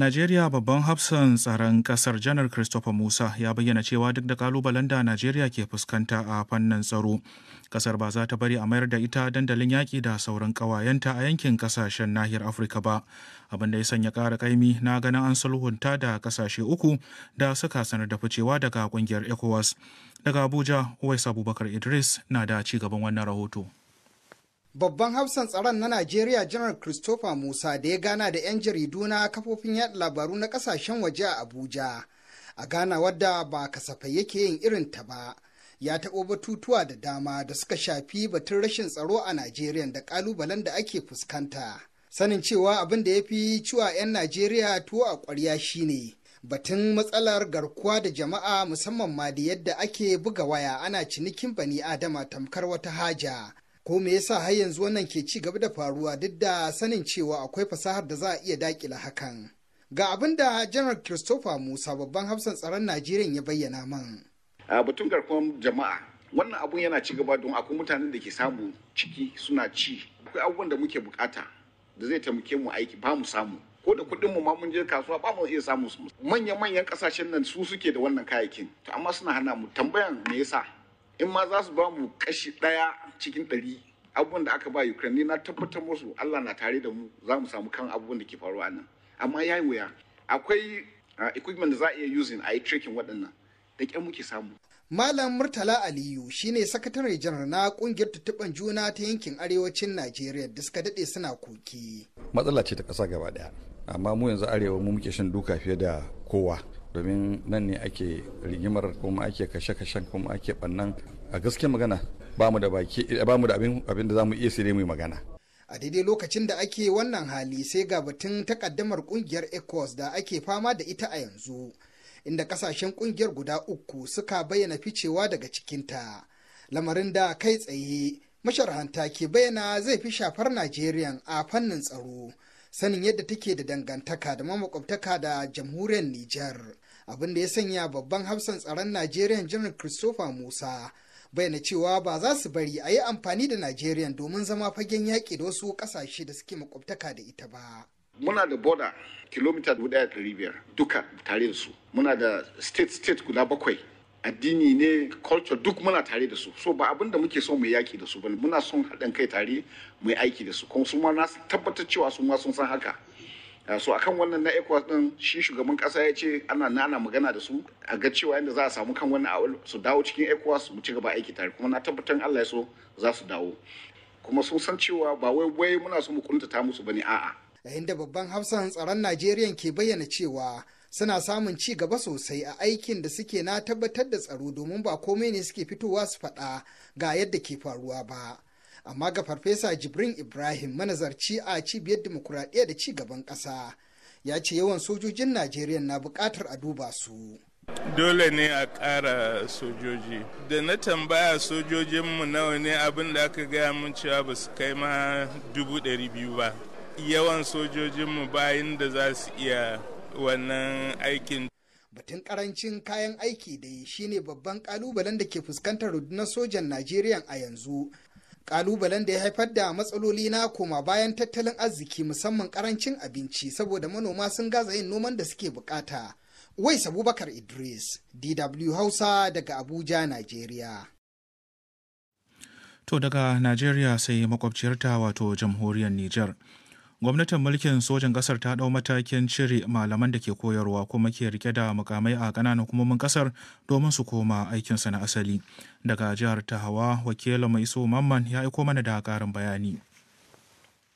Najeriya babban hafsan tsaron kasar janar Christopher Musa ya bayyana cewa duk da kalubalen da Najeriya ke fuskanta a fannin tsaro, kasar ba za ta bari a mayar da ita dandalin yaƙi da sauran ƙawayenta a yankin ƙasashen nahiyar Afirka ba, abin da ya sanya ƙara ƙaimi na ganin an sulhunta da ƙasashe uku da suka sanar da ficewa daga ƙungiyar ECOWAS. Daga Abuja, Uwais Abubakar Idris na da ci gaban wannan rahoto. Babban hafsan tsaron na Najeriya Janar Christopher Musa da ya gana da 'yan jaridu na kafofin yaɗa labaru na ƙasashen waje a Abuja. A gana wadda ba kasafai yake yin irin ta ba, ya taɓo batutuwa da dama da suka shafi batun rashin tsaro a Najeriya da ƙalubalen da ake fuskanta. Sanin cewa abin da ya fi ciwa 'yan Najeriya tuwo a ƙwarya shine batun matsalar garkuwa da jama'a musamman ma da yadda ake buga waya ana cinikin bani Adama tamkar wata haja. ko me yasa har yanzu wannan ke ci gaba da faruwa duk da sanin cewa akwai fasahar da za a iya dakila hakan ga abin da janar christopher musa babban hafsan tsaron najeriya ya bayyana man a batun garkuwar jama'a wannan abun yana ci gaba don akwai mutanen da ke samu ciki suna ci akwai abubuwan da muke bukata da zai taimake mu aiki ba mu samu ko da kuɗin mu ma mun je kasuwa ba mu iya samu manya manyan kasashen nan su suke da wannan kayakin to amma suna hana mu tambayan me yasa in ma za su ba mu kashi ɗaya cikin ɗari abubuwan da aka ba ukraine ni na tabbatar musu allah na tare da mu za mu samu kan abubuwan da ke faruwa nan amma ya yi wuya akwai ah, equipment da za a iya using a yi tracking waɗannan da ƙyan muke samu Malam Murtala Aliyu shine sakatare janar na kungiyar tuttuban juna ta yankin arewacin Najeriya da suka dade suna koki. Matsala ce ta kasa gaba daya amma mu yanzu arewa mu muke shan duka fiye da kowa. domin nan ne ake rigimar kuma ake kashe-kashen kuma ake bannan a gaske magana ba mu da baki ba mu da abin da za mu iya sire mu magana a daidai lokacin da ake wannan hali sai ga batun takaddamar kungiyar ecos da ake fama da ita a yanzu inda kasashen kungiyar guda uku suka bayyana ficewa daga cikinta lamarin da kai tsaye masharhanta ke bayyana zai fi shafar najeriya a fannin tsaro sanin yadda take da dangantaka da mamakwabtaka da jamhuriyar Nijar. abinda ya sanya babban hafsan tsaron Najeriya Janar Christopher Musa bayyana cewa ba za su bari a yi amfani da Najeriya domin zama fagen yaƙi da wasu ƙasashe da suke makwabtaka da ita ba. Muna da boda kilomita 1,500 duka tare da su. Muna da state-state guda bakwai addini ne culture duk muna tare da su so ba abin muke so mai yaki da su bane muna son haɗin kai tare mai aiki da su kuma su ma na tabbatar cewa su ma sun san haka ah, so akan wannan na ECOWAS din shi shugaban kasa ya ce ana nana magana da su a ga cewa yadda za a samu kan wannan su dawo cikin ECOWAS mu ci gaba aiki tare kuma na tabbatar Allah ya so za su dawo kuma sun san cewa ba wai wai muna so mu kuntata musu bane a'a yayin da babban hafsan tsaron Najeriya ke bayyana cewa suna samun ci gaba sosai a aikin da suke na tabbatar da tsaro domin ba komai ne suke fitowa su faɗa ga yadda ke faruwa ba. Amma ga Farfesa Jibrin Ibrahim manazarci a cibiyar dimokuraɗiyya da ci gaban ƙasa ya ce yawan sojojin Najeriya na buƙatar a duba su. Dole ne a ƙara sojoji. Da na tambaya sojojinmu nawa ne abin da aka gaya mun cewa ba su kai ma dubu ɗari biyu ba. Yawan sojojinmu bayan da za su iya wannan aikin batun karancin kayan aiki dai shine babban kalubalen da ke fuskantar rundunar sojan najeriya a yanzu kalubalen da ya haifar da matsaloli na koma bayan tattalin arziki musamman karancin abinci saboda manoma sun gaza yin noman da suke bukata wai sabubakar idris dw hausa daga abuja najeriya to daga najeriya sai makwabciyarta wato jamhuriyar Nijar. gwamnatin mulkin sojan kasar ta ɗau matakin cire malaman da ke koyarwa kuma ke rike da mukamai a ƙananan hukumomin kasar domin su koma aikinsu na asali daga jihar ta hawa wakilin mai so mamman ya aiko mana da ƙarin bayani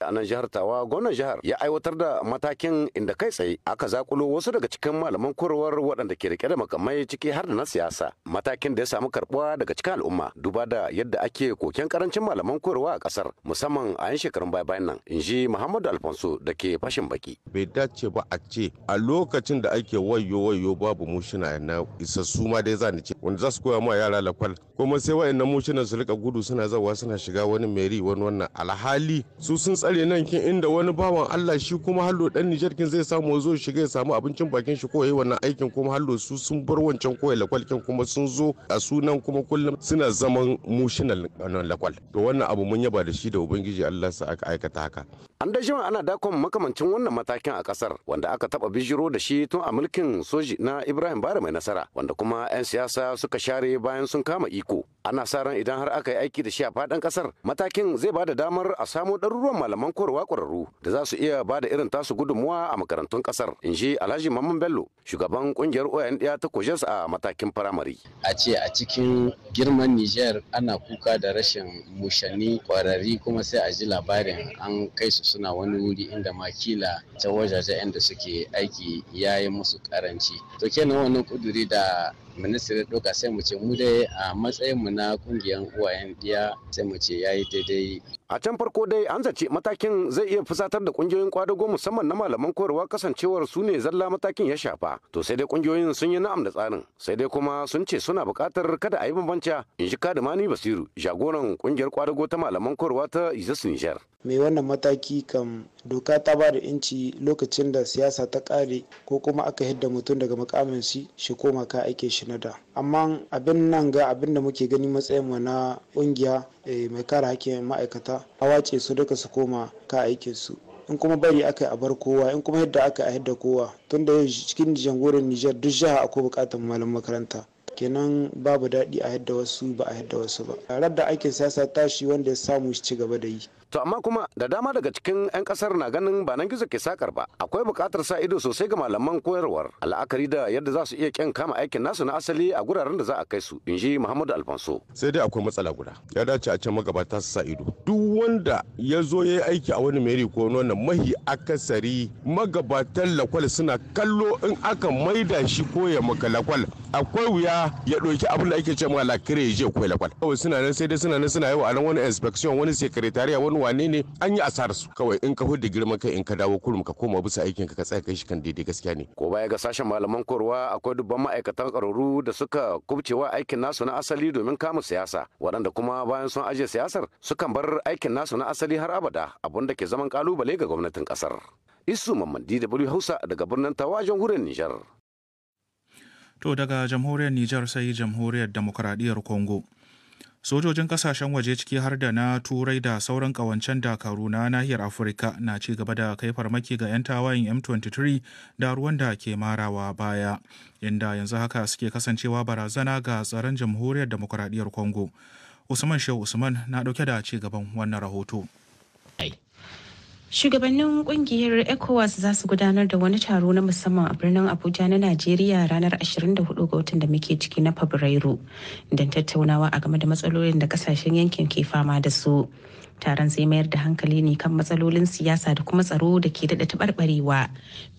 a nan jihar tawa gwamnan jihar ya aiwatar da matakin inda kai tsaye aka zakulo wasu daga cikin malaman korowar waɗanda ke rike da makamai ciki har da na siyasa matakin da ya samu karbuwa daga cikin al'umma duba da yadda ake koken karancin malaman korowa a kasar musamman a yan shekarun baya bayan nan in ji muhammadu alfonso da ke fashin baki bai dace ba a ce a lokacin da ake wayo wayo babu mushina na isassu ma dai za ni ce wanda za su koya ma yara lakwal kuma sai wa'annan mushina su rika gudu suna zawa suna shiga wani meri wani wannan alhali su sun tsare nan kin inda wani bawan Allah shi kuma hallo dan Niger kin zai samu zo shiga ya samu abincin bakin shi ko yayi wannan aikin kuma hallo su sun bar wancan koyi lakwal kin kuma sun zo a sunan kuma kullum suna zaman nan lakwal to wannan abu mun yaba da shi da ubangiji Allah sa aka aikata haka an da shin ana dakon makamancin wannan matakin a kasar wanda aka taba bijiro da shi tun a mulkin soji na Ibrahim Bara mai nasara wanda kuma 'yan siyasa suka share bayan sun kama iko ana sa ran idan har aka yi aiki da shi a faɗin ƙasar matakin zai ba da damar a samo ɗaruruwan malaman koyarwa ƙwararru da za su iya ba da irin tasu gudunmuwa a makarantun ƙasar in ji alhaji mamman bello shugaban ƙungiyar oyan ɗaya ta kojes a matakin firamare a ce a cikin girman niger ana kuka da rashin mushani ƙwararri kuma sai a ji labarin an kai su suna wani wuri inda makila ta wajajen da suke aiki ya yi musu karanci, to kenan wannan kuduri da ministry ya ɗauka sai mu ce mu dai a matsayin mu na ƙungiyar uwayen ɗiya sai mu ce ya yi daidai a can farko dai an zace matakin zai iya fusatar da kungiyoyin kwadago musamman na malaman koyarwa kasancewar su ne zalla matakin ya shafa to sai dai kungiyoyin sun yi na'am da tsarin sai dai kuma sun ce suna buƙatar kada a yi bambanci in shi kada mani basiru jagoran kungiyar kwadago ta malaman koyarwa ta isis nijar mai wannan mataki kam doka ta ba da inci lokacin da siyasa ta kare ko kuma aka hidda mutum daga mukamin shi shi koma ka aike shi na da amma abin nan ga abin da muke gani matsayin mu na kungiya eh, mai kare hakkin ma'aikata ƙasa a wace su duka su koma ka aike su in kuma bari aka yi a bar kowa in kuma yadda aka yi a yadda kowa tun da yau cikin jamhuriyar nijar duk jiha akwai bukatar malam makaranta kenan babu daɗi a yadda wasu ba a yadda wasu ba tarar da ake siyasa tashi wanda ya samu shi ci gaba da yi to amma kuma da dama daga cikin 'yan kasar na ganin ba nan gizo ke sakar ba akwai buƙatar sa ido sosai ga malaman koyarwar al'akari da yadda za su iya kyan kama aikin nasu na asali a guraren da za a kai su in ji muhammadu alfonso sai dai akwai matsala guda ya dace a can magabata su sa ido duk wanda ya zo ya yi aiki a wani meri ko wani mahi akasari magabatan lakwal suna kallo in aka maida shi ko ya maka lakwal akwai wuya ya ɗauki abin da ake ce ma la ya je koyi lakwal kawai suna nan sai dai suna nan suna yawa a nan wani inspection wani secretariat wani wane ne an yi asar su kawai in ka hudu girman kai in ka dawo kurum ka koma bisa aikin ka ka tsaya kai shi kan daidai gaskiya ne ko baya ga sashen malaman korwa akwai dubban ma'aikatan ƙwararru da suka kubcewa aikin nasu na asali domin kama siyasa waɗanda kuma bayan sun ajiye siyasar sukan bar aikin nasu na asali har abada abun da ke zaman kalubale ga gwamnatin ƙasar. Isu Mamman DW Hausa daga birnin Tawajen wurin Nijar. to daga jamhuriyar nijar sai jamhuriyar demokuraɗiyyar Kongo, sojojin kasashen waje ciki har da na turai da sauran kawancen dakaru na nahiyar afirka na ci gaba da kai farmaki ga 'yan tawayin m23 da ruwan da ke marawa baya inda yanzu haka suke kasancewa barazana ga tsaron jamhuriyar demokuraɗiyyar congo usman shehu usman na ɗauke da ci gaban wannan rahoto Shugabannin kungiyar ECOWAS za su gudanar da wani taro na musamman a birnin Abuja na Najeriya ranar 24 ga watan da muke ciki na Fabrairu don tattaunawa a game da matsalolin da kasashen yankin ke fama da su. taron zai mayar da hankali ne kan matsalolin siyasa da kuma tsaro da ke daɗa taɓarɓarewa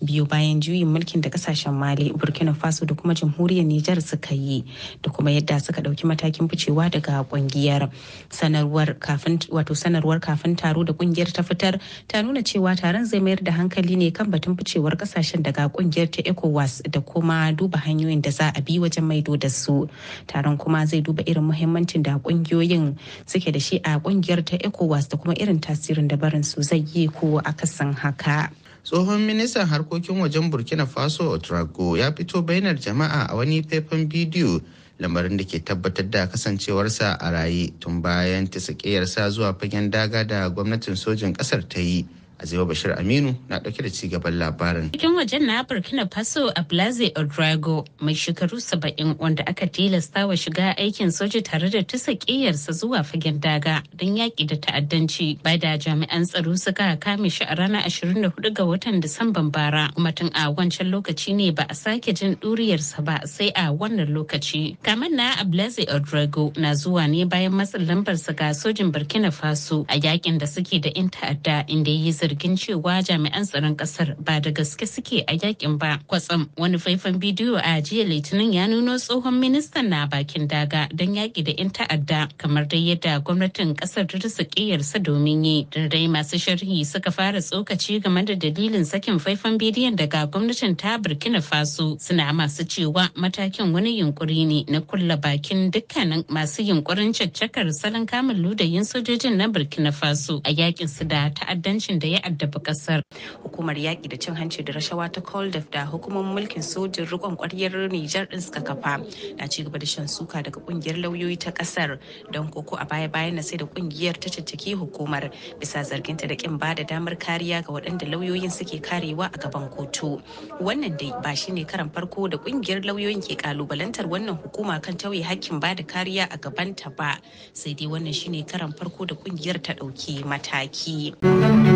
biyu bayan juyin mulkin da ƙasashen mali burkina faso da kuma jamhuriyar nijar suka yi da kuma yadda suka ɗauki matakin ficewa daga ƙungiyar sanarwar kafin wato sanarwar kafin taro da ƙungiyar ta fitar ta nuna cewa taron zai mayar da hankali ne kan batun ficewar ƙasashen daga ƙungiyar ta ecowas da kuma duba hanyoyin da za a bi wajen maido da su taron kuma zai duba irin muhimmancin da ƙungiyoyin suke da shi a ƙungiyar ta ecowas ECOWAS da kuma irin tasirin da barin su zai yi ko akasin haka. tsohon ministan harkokin wajen burkina faso otrago ya fito bainar jama'a a wani faifan bidiyo lamarin da ke tabbatar da kasancewarsa a raye tun bayan ta zuwa fagen daga da gwamnatin sojin kasar ta yi Azewa Bashir Aminu na ɗauke da cigaban labarin. Cikin wajen na Burkina Faso a Blaze Odrago mai shekaru saba'in wanda aka tilasta wa shiga aikin soja tare da tusa ƙiyarsa zuwa fagen daga don yaƙi da ta'addanci bai da jami'an tsaro suka kame shi a ranar 24 ga watan Disamban bara kuma tun a wancan lokaci ne ba a sake jin ɗuriyarsa ba sai a wannan lokaci. Kamar na a Blaze Odrago na zuwa ne bayan matsin lambarsa ga sojin Burkina Faso a yaƙin da suke da 'yan ta'adda inda ya yi zargin cewa jami'an tsaron kasar ba da gaske suke a yakin ba kwatsam wani faifan bidiyo a jiya litinin ya nuno tsohon ministan na bakin daga don yaki da 'yan ta'adda kamar dai yadda gwamnatin kasar ta rasa ƙiyarsa domin yi dai masu sharhi suka fara tsokaci game da dalilin sakin faifan bidiyon daga gwamnatin ta burkina faso suna masu cewa matakin wani yunkuri ne na kulla bakin dukkanin masu yunkurin caccakar salon kamun ludayin sojojin na burkina faso a yakin su da ta'addancin da ya addabi kasar hukumar yaƙi da cin hanci da rashawa ta coldef da hukumar mulkin sojin rikon kwaryar nijar ɗin suka kafa na ci gaba da shan suka daga kungiyar lauyoyi ta kasar don koko a baya bayan na sai da kungiyar ta cicciki hukumar bisa zarginta da kin ba da damar kariya ga waɗanda lauyoyin suke karewa a gaban kotu wannan dai ba shi ne karan farko da ƙungiyar lauyoyin ke kalubalantar wannan hukuma kan tauye hakkin ba da kariya a gaban ta ba sai dai wannan shi ne karan farko da kungiyar ta ɗauki mataki.